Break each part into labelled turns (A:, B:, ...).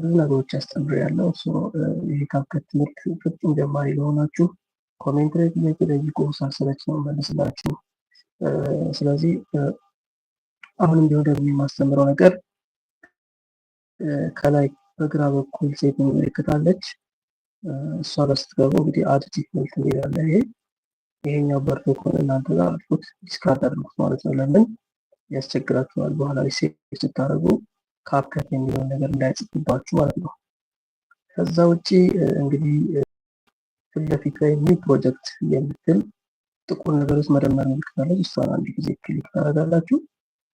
A: ብዙ ነገሮች ያስተምር ያለው ይህ ካብከት ትምህርት ፍጹም ጀማሪ ለሆናችሁ ኮሜንት ላይ ጥያቄ ጠይቁ፣ ሳሰለች ነው መልስላችሁ። ስለዚህ አሁንም ቢሆን ደግሞ የማስተምረው ነገር ከላይ በግራ በኩል ሴት ምልክታለች። እሷ ላይ ስትገቡ እንግዲህ አድ ዲፎልት ሚላለ ይሄ ይሄኛው በርቶ ከሆነ እናንተ ጋር አልፎት ዲስካርድ አድርጉት ማለት ነው። ለምን ያስቸግራችኋል? በኋላ ሴት ስታደረጉ ካፕከት የሚለውን ነገር እንዳይጽፍባችሁ ማለት ነው። ከዛ ውጭ እንግዲህ ፊት ለፊት ላይ ኒው ፕሮጀክት የምትል ጥቁር ነገር ውስጥ መደመር ምልክታለች። እሷን አንድ ጊዜ ክሊክ ታደርጋላችሁ።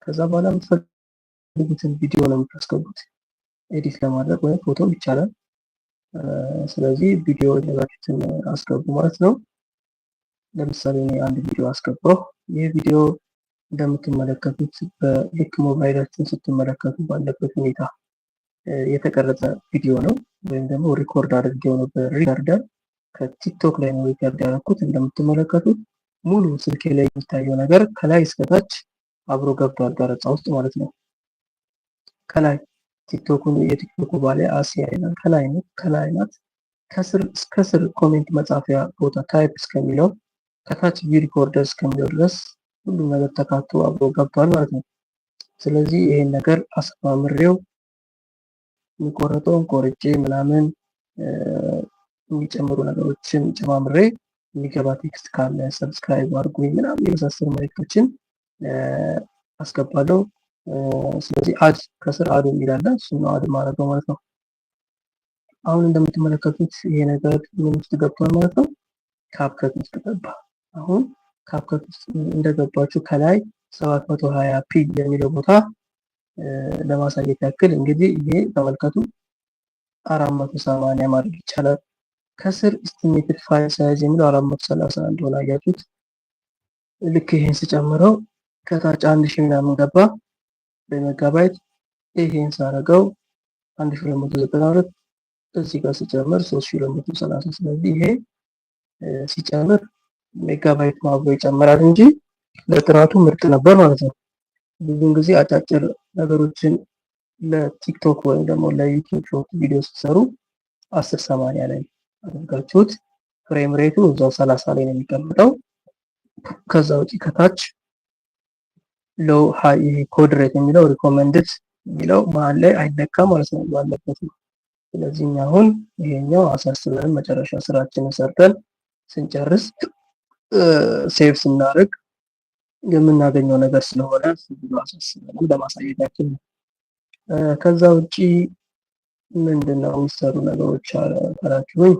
A: ከዛ በኋላ የምትፈልጉትን ቪዲዮ ነው የምታስገቡት። ኤዲት ለማድረግ ወይም ፎቶ ይቻላል። ስለዚህ ቪዲዮ የላችሁትን አስገቡ ማለት ነው። ለምሳሌ እኔ አንድ ቪዲዮ አስገባሁ። ይህ ቪዲዮ እንደምትመለከቱት በልክ ሞባይላችሁን ስትመለከቱ ባለበት ሁኔታ የተቀረጸ ቪዲዮ ነው። ወይም ደግሞ ሪኮርድ አድርጌው ነው በሪከርደር ከቲክቶክ ላይ ነው ሪከርድ ያደረኩት። እንደምትመለከቱት ሙሉ ስልኬ ላይ የሚታየው ነገር ከላይ እስከታች አብሮ ገብቷል፣ ቀረጻ ውስጥ ማለት ነው። ከላይ ቲክቶኩን የቲክቶኩ ባለ አሲያ ከላይ ነው ከላይ ናት። ከስር እስከስር ኮሜንት መጻፊያ ቦታ ታይፕ እስከሚለው ከታች ቪ ሪኮርደር እስከሚለው ድረስ ሁሉም ነገር ተካቶ አብሮ ገብቷል ማለት ነው። ስለዚህ ይሄን ነገር አስማምሬው የሚቆረጠውን ቆርጬ ምናምን የሚጨምሩ ነገሮችን ጨማምሬ የሚገባ ቴክስት ካለ ሰብስክራይብ አድርጉኝ ምናምን የመሳሰሉ መልእክቶችን አስገባለሁ። ስለዚህ አድ ከስር አዱ የሚላለ እሱ ነው አድ ማድረገው ማለት ነው። አሁን እንደምትመለከቱት ይሄ ነገር ምን ውስጥ ገብቷል ማለት ነው። ካፕከት ውስጥ ገባ አሁን ካፕከት ውስጥ እንደገባችሁ ከላይ 720 ፒ የሚለው ቦታ ለማሳየት ያክል እንግዲህ ይሄ ተመልከቱ 480 ማድረግ ይቻላል። ከስር ስቲሜትድ ፋይል ሳይዝ የሚለው 431 እንደሆነ አያችሁት። ልክ ይሄን ስጨምረው ከታች አንድ ሺህ ምናምን ገባ በሜጋባይት ይሄን ሳረገው 1292 እዚህ ጋር ሲጨምር 3230 ስለዚህ ይሄ ሲጨምር ሜጋባይት ማብሮ ይጨምራል እንጂ ለጥራቱ ምርጥ ነበር ማለት ነው። ብዙን ጊዜ አጫጭር ነገሮችን ለቲክቶክ ወይም ደግሞ ለዩቲዩብ ሾርት ቪዲዮ ሲሰሩ አስር ሰማንያ ላይ አድርጋችሁት ፍሬም ሬቱ እዛው ሰላሳ ላይ ነው የሚቀምጠው። ከዛ ውጪ ከታች ሎው ሃይ ኮድ ሬት የሚለው ሪኮመንድድ የሚለው መሀል ላይ አይነካም ማለት ነው ባለበት ነው። ስለዚህ አሁን ይሄኛው አሳስበን መጨረሻ ስራችንን ሰርተን ስንጨርስ ሴቭ ስናደርግ የምናገኘው ነገር ስለሆነ አሳስበንም ለማሳየት ያክል ነው። ከዛ ውጭ ምንድነው የሚሰሩ ነገሮች ካላችሁኝ፣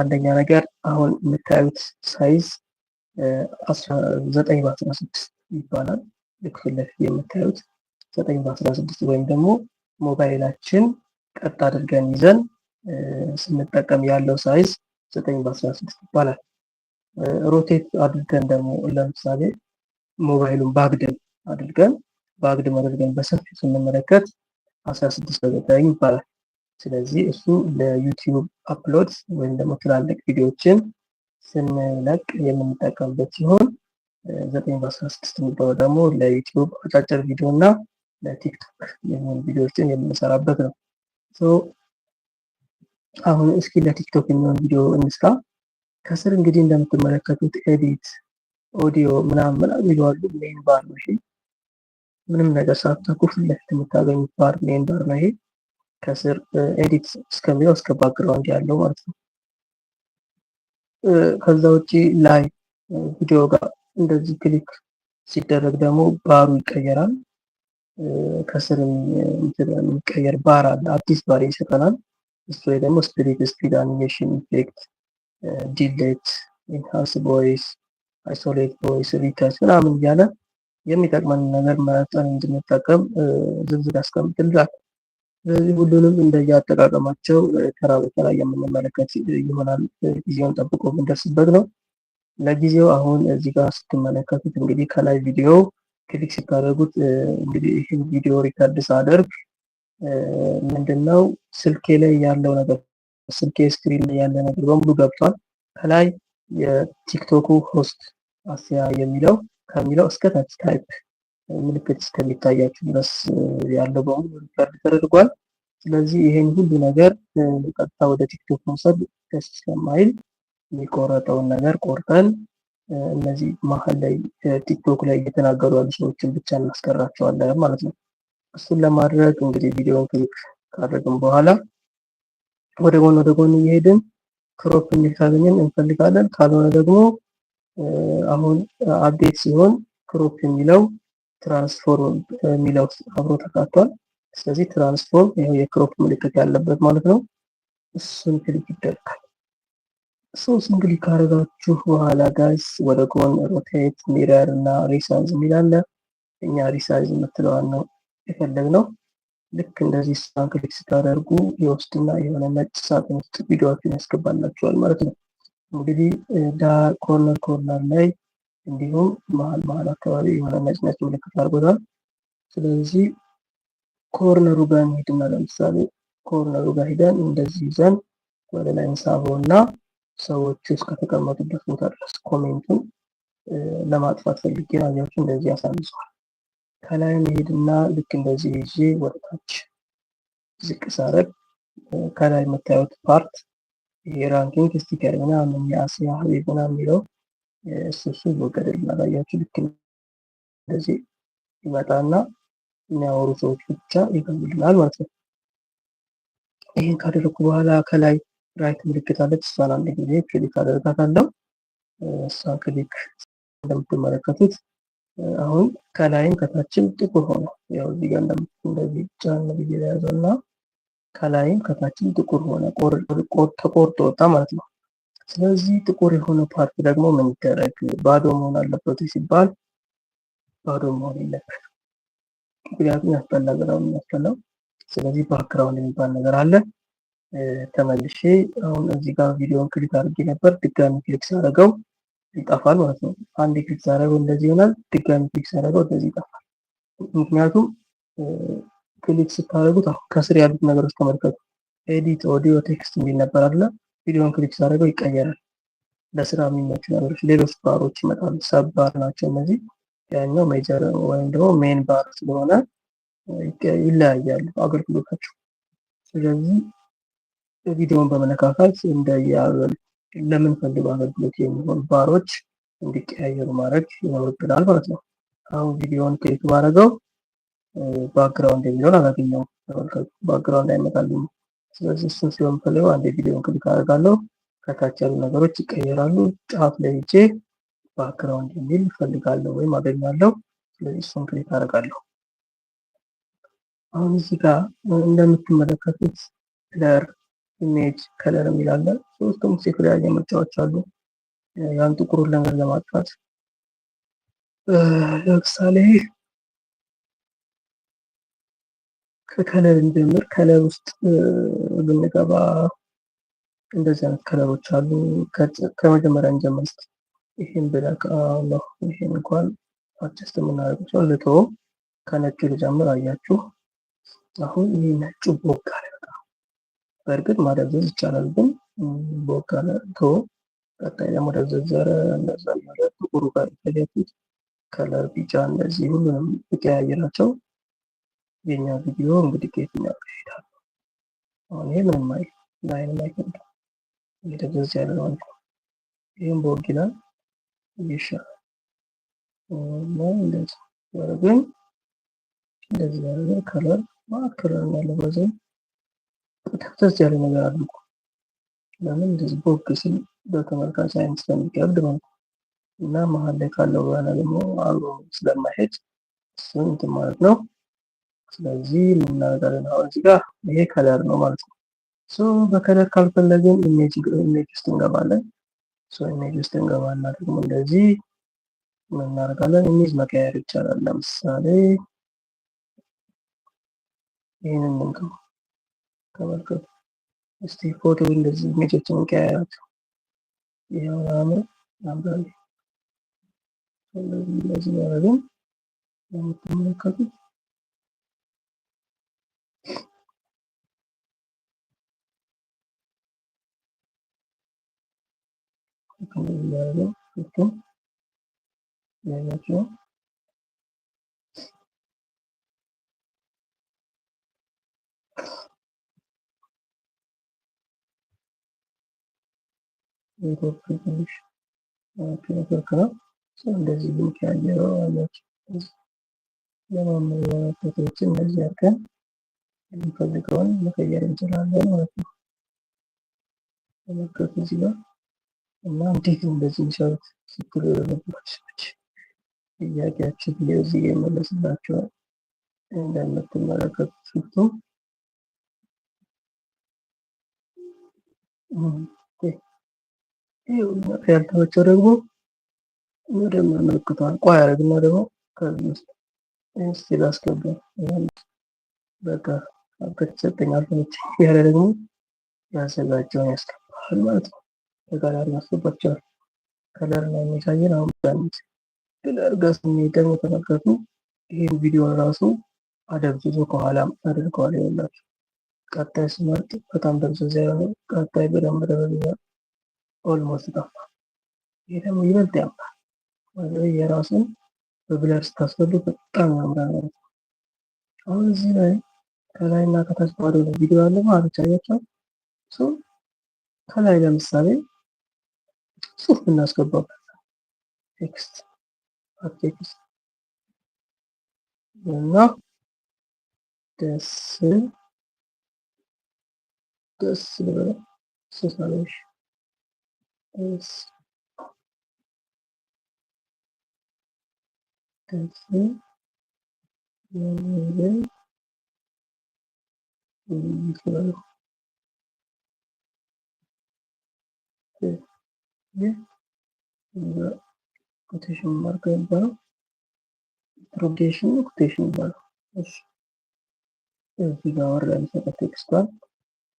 A: አንደኛ ነገር አሁን የምታዩት ሳይዝ ዘጠኝ በአስራ ስድስት ይባላል። ልክ የምታዩት ዘጠኝ በአስራ ስድስት ወይም ደግሞ ሞባይላችን ቀጥ አድርገን ይዘን ስንጠቀም ያለው ሳይዝ ዘጠኝ በአስራ ስድስት ይባላል። ሮቴት አድርገን ደግሞ ለምሳሌ ሞባይሉን በአግድም አድርገን በአግድም አድርገን በሰፊ ስንመለከት 16:9 ይባላል። ስለዚህ እሱ ለዩቲዩብ አፕሎድ ወይም ደግሞ ትላልቅ ቪዲዮዎችን ስንለቅ የምንጠቀምበት ሲሆን 9:16 የሚባለው ደግሞ ለዩቲዩብ አጫጭር ቪዲዮ እና ለቲክቶክ የሚሆን ቪዲዮዎችን የምንሰራበት ነው። አሁን እስኪ ለቲክቶክ የሚሆን ቪዲዮ እንስራ። ከስር እንግዲህ እንደምትመለከቱት ኤዲት ኦዲዮ ምናምን ይለዋሉ። ሜን ባር ነው ይሄ። ምንም ነገር ሳታኩ ፊት ለፊት የምታገኙት ባር ሜን ባር ነው ይሄ። ከስር ኤዲት እስከሚለው እስከ ባክግራውንድ ያለው ማለት ነው። ከዛ ውጭ ላይ ቪዲዮ ጋር እንደዚህ ክሊክ ሲደረግ ደግሞ ባሩ ይቀየራል። ከስር የሚቀየር ባር አለ። አዲስ ባር ይሰጠናል። እሱ ላይ ደግሞ ስፒሪት ስፒድ አኒሜሽን ኢፌክት ዲሌት፣ ኢንሃንስ ቮይስ፣ አይሶሌት ቮይስ፣ ሪተች ምናምን እያለ የሚጠቅመን ነገር መጠን እንድንጠቀም ዝርዝር ያስቀምጥልናል። ስለዚህ ሁሉንም እንደየአጠቃቀማቸው ተራ በተራ የምንመለከት ይሆናል። ጊዜውን ጠብቆ የምንደርስበት ነው። ለጊዜው አሁን እዚህ ጋር ስትመለከቱት እንግዲህ ከላይ ቪዲዮ ክሊክ ሲታደርጉት እንግዲህ ይህን ቪዲዮ ሪከርድ ሳደርግ ምንድነው ስልኬ ላይ ያለው ነገር ስልኬ ስክሪን ላይ ያለ ነገር በሙሉ ገብቷል። ከላይ የቲክቶኩ ሆስት አስያ የሚለው ከሚለው እስከ ታች ስካይፕ ምልክት እስከሚታያችሁ ድረስ ያለው በሙሉ ሪከርድ ተደርጓል። ስለዚህ ይሄን ሁሉ ነገር ቀጥታ ወደ ቲክቶክ መውሰድ ደስ ስለማይል የሚቆረጠውን ነገር ቆርጠን እነዚህ መሀል ላይ ቲክቶክ ላይ እየተናገሩ ያሉ ሰዎችን ብቻ እናስቀራቸዋለን ማለት ነው። እሱን ለማድረግ እንግዲህ ቪዲዮን ክሊክ ካደረግን በኋላ ወደ ጎን ወደ ጎን እየሄድን ክሮፕ የሚል ካገኘን እንፈልጋለን። ካልሆነ ደግሞ አሁን አፕዴት ሲሆን ክሮፕ የሚለው ትራንስፎርም የሚለው አብሮ ተካቷል። ስለዚህ ትራንስፎርም ይሄው የክሮፕ ምልክት ያለበት ማለት ነው። እሱን ክሊክ ይደረጋል። እሱን ክሊክ ካረጋችሁ በኋላ ጋይስ ወደ ጎን ሮቴት፣ ሚረር እና ሪሳይዝ የሚል እኛ ሪሳይዝ የምትለዋን ነው የፈለግነው። ልክ እንደዚህ እሷን ክሊክ ስታደርጉ የውስጥና የሆነ ነጭ ሳጥን ውስጥ ቪዲዮዎችን ያስገባላችኋል ማለት ነው። እንግዲህ ዳር ኮርነር ኮርነር ላይ እንዲሁም መሀል መሀል አካባቢ የሆነ ነጭ ነጭ ምልክት አድርጎታል። ስለዚህ ኮርነሩ ጋር እንሂድና ለምሳሌ ኮርነሩ ጋር ሂደን እንደዚህ ይዘን ወደ ላይ እንሳበው እና ሰዎቹ እስከተቀመጡበት ቦታ ድረስ ኮሜንቱን ለማጥፋት ፈልጌ ናቸው። እንደዚህ ያሳንሰዋል። ከላይ መሄድና ልክ እንደዚህ ይዤ ወደታች ዝቅ ሳረግ ከላይ የምታዩት ፓርት ይሄ ራንኪንግ ስቲከር ምናምን የአስያ ሀቢብ ምናምን የሚለው እሱሱ እሱ ይወገድልና ልክ እንደዚህ ይመጣና የሚያወሩ ሰዎች ብቻ ይገቡልናል ማለት ነው። ይህን ካደረኩ በኋላ ከላይ ራይት ምልክት አለች። እሷን አንድ ጊዜ ክሊክ አደርጋታለሁ። እሷን ክሊክ እንደምትመለከቱት አሁን ከላይም ከታችም ጥቁር ሆኖ ያው እዚህ ጋር እንደዚህ ጫን ብዬ የያዘው እና ከላይም ከታችም ጥቁር ሆነ፣ ተቆርጦ ወጣ ማለት ነው። ስለዚህ ጥቁር የሆነ ፓርት ደግሞ ምን ይደረግ? ባዶ መሆን አለበት ሲባል ባዶ መሆን የለበት፣ ምክንያቱም ያስፈላገራው የሚያስፈላው። ስለዚህ ባክግራውንድ የሚባል ነገር አለ። ተመልሼ አሁን እዚህ ጋር ቪዲዮን ክሊክ አድርጌ ነበር። ድጋሚ ክሊክ ሳደርገው ይጠፋል ማለት ነው። አንድ ክሊክ ሳደርገው እንደዚህ ይሆናል። ድጋሚ ክሊክ ሳደርገው እንደዚህ ይጠፋል። ምክንያቱም ክሊክ ስታደርጉት አሁን ከስር ያሉት ነገሮች ተመልከቱ። ኤዲት ኦዲዮ ቴክስት የሚል ነበር አለ። ቪዲዮን ክሊክ ሳደርገው ይቀየራል። ለስራ የሚመቹ ነገሮች፣ ሌሎች ባሮች ይመጣሉ። ሰብ ባር ናቸው እነዚህ። ያኛው ሜጀር ወይም ደግሞ ሜን ባር ስለሆነ ይለያያሉ አገልግሎታቸው። ስለዚህ ቪዲዮን በመነካካት እንደየ ለምንፈልገው አገልግሎት የሚሆን ባሮች እንዲቀያየሩ ማድረግ ይኖርብናል ማለት ነው። አሁን ቪዲዮን ክሊክ ማድረገው ባክግራውንድ የሚለውን አላገኘው ተመልከቱ፣ ባክግራውንድ አይመጣልኝ። ስለዚህ እሱን ሲሆን ፈልገው አንድ ቪዲዮን ክሊክ አደርጋለሁ። ከታች ያሉ ነገሮች ይቀየራሉ። ጫፍ ላይ ሄጄ ባክግራውንድ የሚል ፈልጋለሁ ወይም አገኛለሁ። ስለዚህ እሱን ክሊክ አደርጋለሁ። አሁን እዚህ ጋር እንደምትመለከቱት ለር ኢሜጅ ከለር የሚላለ ሶስቱም የተለያየ ምርጫዎች አሉ። ያን ጥቁሩን ነገር ለማጥፋት ለምሳሌ ከከለር እንጀምር። ከለር ውስጥ ብንገባ እንደዚህ አይነት ከለሮች አሉ። ከመጀመሪያ እንጀምር። ይህን ብለክ ነው። ይህን እንኳን አጀስት የምናደርገው ሰው ልቶ ከነጩ ልጀምር። አያችሁ አሁን ይህ ነጩ ቦግ በእርግጥ ማደብዘዝ ይቻላል፣ ግን በወቃለ ቶ ቀጣይ ደግሞ ደዘዘረ እነዛ ጥቁሩ ጋር የተለያዩት ከለር ቢጫ፣ እነዚህ ሁሉንም እቀያየራቸው የኛ ቪዲዮ እንግዲህ ከየትኛ ጋር አሁን ይሄ ምንም አይ ላይን ማይከብድ እየደዘዘ ያለ ማለት ነው። ይህም እየሻ ይሻላል። እንደዚህ ወረግን እንደዚህ ያለ ከለር ማለት ከለር ያለው በዘን ተፍተስ ያለ ነገር አሉ። ለምን እንደዚህ ቦግ ሲል በተመልካች አይነት ስለሚከብድ ነው። እና መሀል ላይ ካለው በኋላ ደግሞ አብሮ ስለማይሄድ እሱን እንትን ማለት ነው። ስለዚህ የምናደርጋለን አሁን እዚህ ጋር ይሄ ከለር ነው ማለት ነው። ሶ በከለር ካልፈለግን ኢሜጅ ውስጥ እንገባለን። ሶ ኢሜጅ ውስጥ እንገባና ደግሞ እንደዚህ እናደርጋለን። ኢሜጅ መቀየር ይቻላል። ለምሳሌ ይህንን እንገባ ተመልከቱ እስቲ ፎቶ እንደዚህ መቼችን ከያያት ይኸው ምናምን አንባቢ ስለዚህ እንደዚህ ያደረግን የምትመለከቱት እንደዚህ ያደረግን ፊቱን ያያቸው የኢትዮጵያ ትንሽ ኔትወርክ ነው። እንደዚህ ሊንክ ያየረው አላቸው ለማመያ ፎቶዎችን እንደዚህ አድርገን የሚፈልገውን መቀየር እንችላለን ማለት ነው። ተመልከቱ እዚህ ጋር እና እንዴት እንደዚህ የሚሰሩት ስትሉ የነበራችሁ ሰዎች ጥያቄያችሁ እዚህ የመለስላቸዋል እንደምትመለከቱት ሱቱ ያልተመቸው ደግሞ ወደ ምልክቷን ቋ ያደርግና ደግሞ ከዚህ ውስጥ ላስገባ በቃ ከተሰጠኝ አልተመቸ ያለ ደግሞ ያዘጋጀውን ያስገባል ማለት ነው። በጋላሪ ያስገባቸዋል ከለር ነው የሚያሳየን። አሁን ዛንት ክለር ጋር ስንሄድ ደግሞ ተመልከቱ ይህን ቪዲዮ ራሱ አደብዝዞ ከኋላ አድርገዋል። ይኸውላችሁ ቀጣይ ስመርጥ በጣም ደብዝዛ የሆነ ቀጣይ በደንብ ደበዝዟል። ኦልሞስት ጠፋ። ይሄ ደግሞ ይበልጥ ያምራል። የራሱን በብለር ስታስፈልግ በጣም ያምራል ማለት ነው። አሁን እዚህ ላይ ከላይ እና ከታች ባዶ ነው ቪዲዮ አለ ማለት ያያቸው ሶ ከላይ ለምሳሌ ጽሁፍ ብናስገባበት ቴክስት ቴክስት እና ደስ ደስ ልበለ ሶሳሌሽ ከዚህ የሚልን ኮቴሽን ማርክ የሚባለው ኢንትሮጌሽን ኮቴሽን ይባለው። እዚህ ጋር ወር ለሚሰጠው ቴክስቷን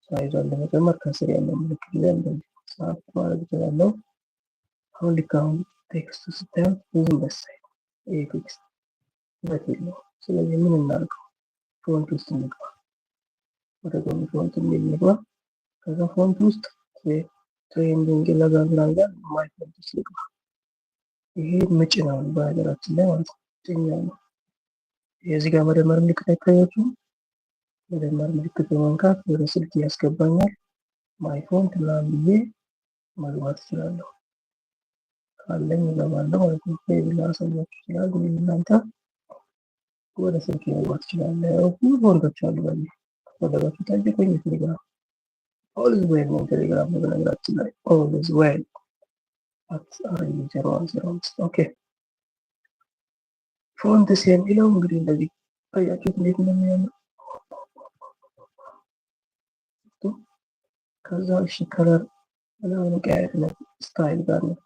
A: ሳይዟን ለመጨመር ከስር ያለው ምልክት ላይ እንደዚህ ሳብ ማድረግ እችላለሁ። አሁን ልክ ቴክስቱ ስታዩት ብዙም መሳይ ይህ ቴክስት ውበት የለው። ስለዚህ ምን ፎንት ውስጥ እንግባ፣ ወደ ጎን ፎንት የሚል እንግባ። ከዛ ፎንት ውስጥ ትሬንዲንግ ይሄ ምጭ ነው በሀገራችን ላይ ማለት ነው፣ ጭኛ ነው። የዚህ ጋር መደመር ምልክት አይታያችሁ? መደመር ምልክት በመንካት ወደ ስልክ ያስገባኛል። ማይ ምናምን ብዬ መግባት እችላለሁ። ካለኝ እገባለሁ ማለት ነው። ከሌላ ሰዎች ይችላል ግን እናንተ ወደ ስልክ መግባት እችላለሁ። ብዙ ፎልደሮች አሉ በ ፈለጋችሁ ታጀቆኝ ቴሌግራም ኦልዝ ወይ ነው ቴሌግራም በነገራችን ላይ ኦልዝ ወይ አት ዜሮ ዜሮ ኦኬ ፎንትስ የሚለው እንግዲህ እንደዚህ አያችሁት እንዴት እንደሚያምር ከዛ እሺ ከለር ምናምን በቃ አይነት ስታይል ጋር ነው።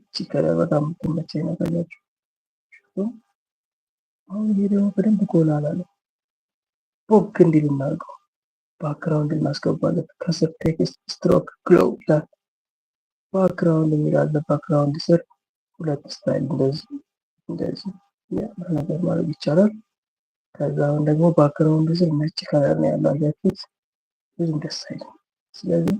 A: እቺ ከለር በጣም የምትመቸኝ ነው። ታያችሁ አሁን ይሄ ደግሞ በደንብ ጎላ አላለ። ቦግ እንዲል እናድርገው፣ ባክግራውንድ እናስገባለን። ከስር ቴክስት ስትሮክ ግሎ ይላል ባክግራውንድ የሚላለ ባክግራውንድ ስር ሁለት ስታይል እንደዚህ እንደዚህ ያምር ነገር ማድረግ ይቻላል። ከዛ አሁን ደግሞ ባክግራውንድ ስር ነጭ ከለር ነው ያለው። አያችሁት? ብዙም ደስ አይልም። ስለዚህ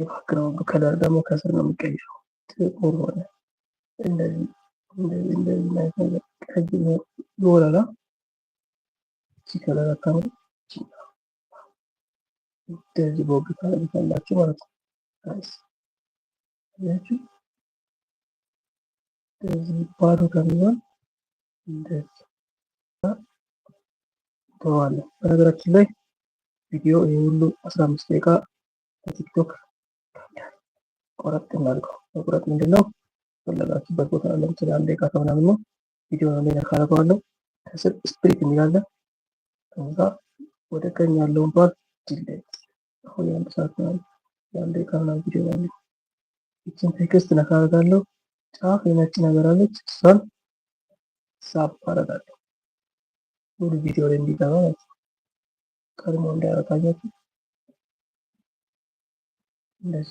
A: የማክረው ከለር ደግሞ ከስር ነው የሚቀየረው። ጥቁር ሆነ። እንደዚህ እንደዚህ እንደዚህ ማለት ነው። ቀይ ይወላላ እቺ ከለር አካባቢ እንደዚህ ቦግ ታደርጋላችሁ ማለት ነው። አይስ አያችሁ፣ እንደዚህ ባዶ ከሚሆን እንደዚህ ተዋለ። በነገራችን ላይ ቪዲዮ ይሄ ሁሉ 15 ደቂቃ በቲክቶክ ቆረጥ እናድርገው። መቁረጥ ምንድን ነው? ፈለጋችሁበት ቦታ ላይ ለምሳሌ አንድ ደቂቃ ከምናምን ነው ቪዲዮ ላይ ነካ ከስር ስፕሊት የሚላለ ከዛ ወደ ቀኝ ያለውን ባል ዲሌት። አሁን የአንድ ሰዓት ነው የአንድ ደቂቃ ምናምን ቪዲዮ ላይ ይችን ቴክስት ጫፍ የነጭ ነገር አለች፣ እሷን ሳብ አደርጋለሁ። ሙሉ ቪዲዮ ላይ እንዲገባ ማለት ቀድሞ እንደዚህ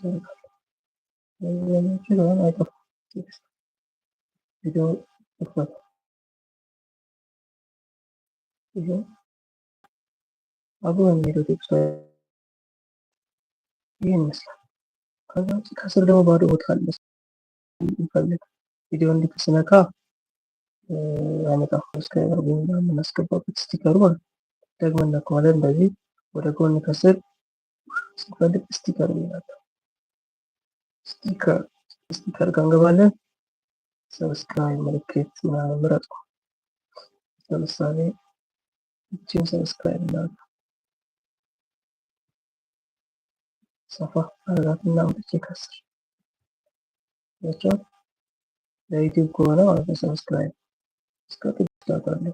A: አደርጋለሁ። አብሮ የሚሄደው ቴክስት ይህን ይመስላል። ከስር ደግሞ ባዶ ቦታ አለ። ይፈልግ ቪዲዮ እንዲትስነካ አመጣ እስከ ቡና የምናስገባበት ስቲከሩ አለ። ደግመን እንደዚህ ወደ ጎን ከስር ስንፈልግ ስቲከር ይላል። ስቲከር ስቲከር ጋር እንገባለን። ሰብስክራይብ ምልክት ምናምን ምረጡ። ለምሳሌ እችን ሰብስክራይብ እናርጋ። ሰፋ አረጋት እና አምጥቼ ከስር ለዩቲዩብ ከሆነ ማለት ነው። ሰብስክራይብ እስከ ጥግ ታታለሁ።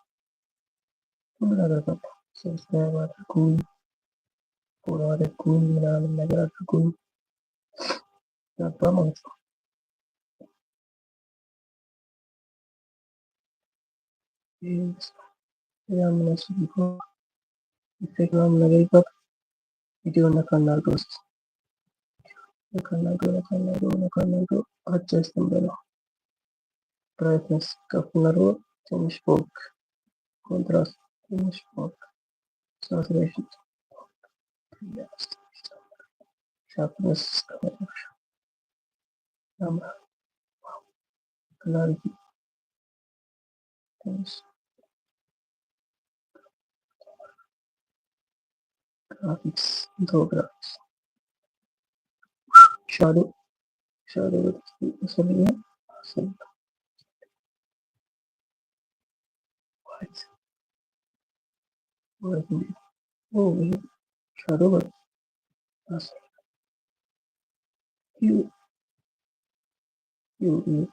A: ሁሉ ነገር በቃ ሰብስክራይብ አድርጉ ፎሎ አድርጉኝ፣ ምናምን ነገር አድርጉኝ ነበር ማለት ነው። ያምነሱ ቢሆን ኢንስታግራም ነገር ይባል ቪዲዮ ነካናርገው ስ ነካናርገው ነካናርገው ነካናርገው አጀስትን በለው ብራይትነስ ከፍ እናድርገው ትንሽ ቦግ ኮንትራስት English folk Thanks Graphics Graphics Shadow Shadow Wagner, Ovid, Charot, Asser, Hu, You. You.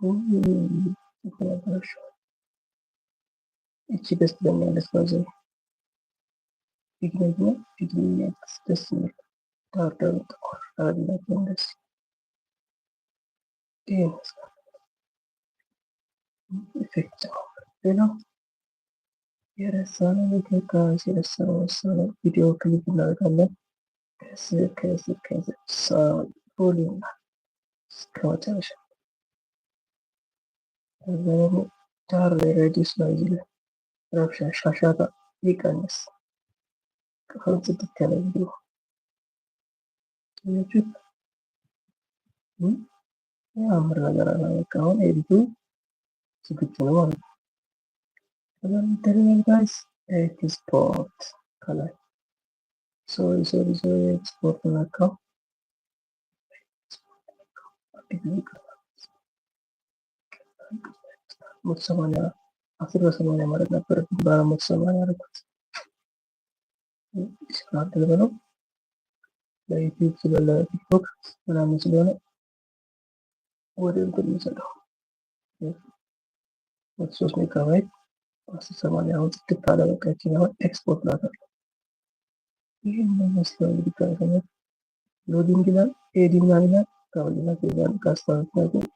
A: Hugo, Colaboration. እቺ ደስ በሚያለች You. ፊት ደግሞ ፊት You. ደስ የሚል ዳርዳሩ ጥቁር ዳርነት ደስ የፈጨው ነው የረሳነው ነገር ጋይስ፣ የረሳነው ረሳነው ቪዲዮ ክሊፕ እናደርጋለን። ከዚህ ከዚህ ከዚህ ሮል ይሆናል እስከ መጨረሻ። ከዛ ደግሞ ዳር ላይ ሬዲስ ነው ይለ ረብሻ ሻሻታ ይቀንስ ከሀያ ስድስት ያለ ቪዲዮ ያችሁት ያምር ነገር አላበቃ አሁን ኤዲቱ çıkıp bulamadım. Hemen derine gideriz. Evet, export. Color. Sorry, sorry, sorry. Export kan dari itu sudah ada Facebook ముత్సమైన వరకు ప్రార్థనలో దయతీర్చులలో మన ముసులోనే ఓరింపు ሶስት ሜጋባይት አስር ሰማንያ አሁን በቃ ይቺን ኤክስፖርት ላታል። ይህን መስለው እንግዲህ ጋዜጠኛ ሎዲንግ ይላል ኤዲንግ ይላል ጋብልና ከዚያን ጋስታ ምክንያቱም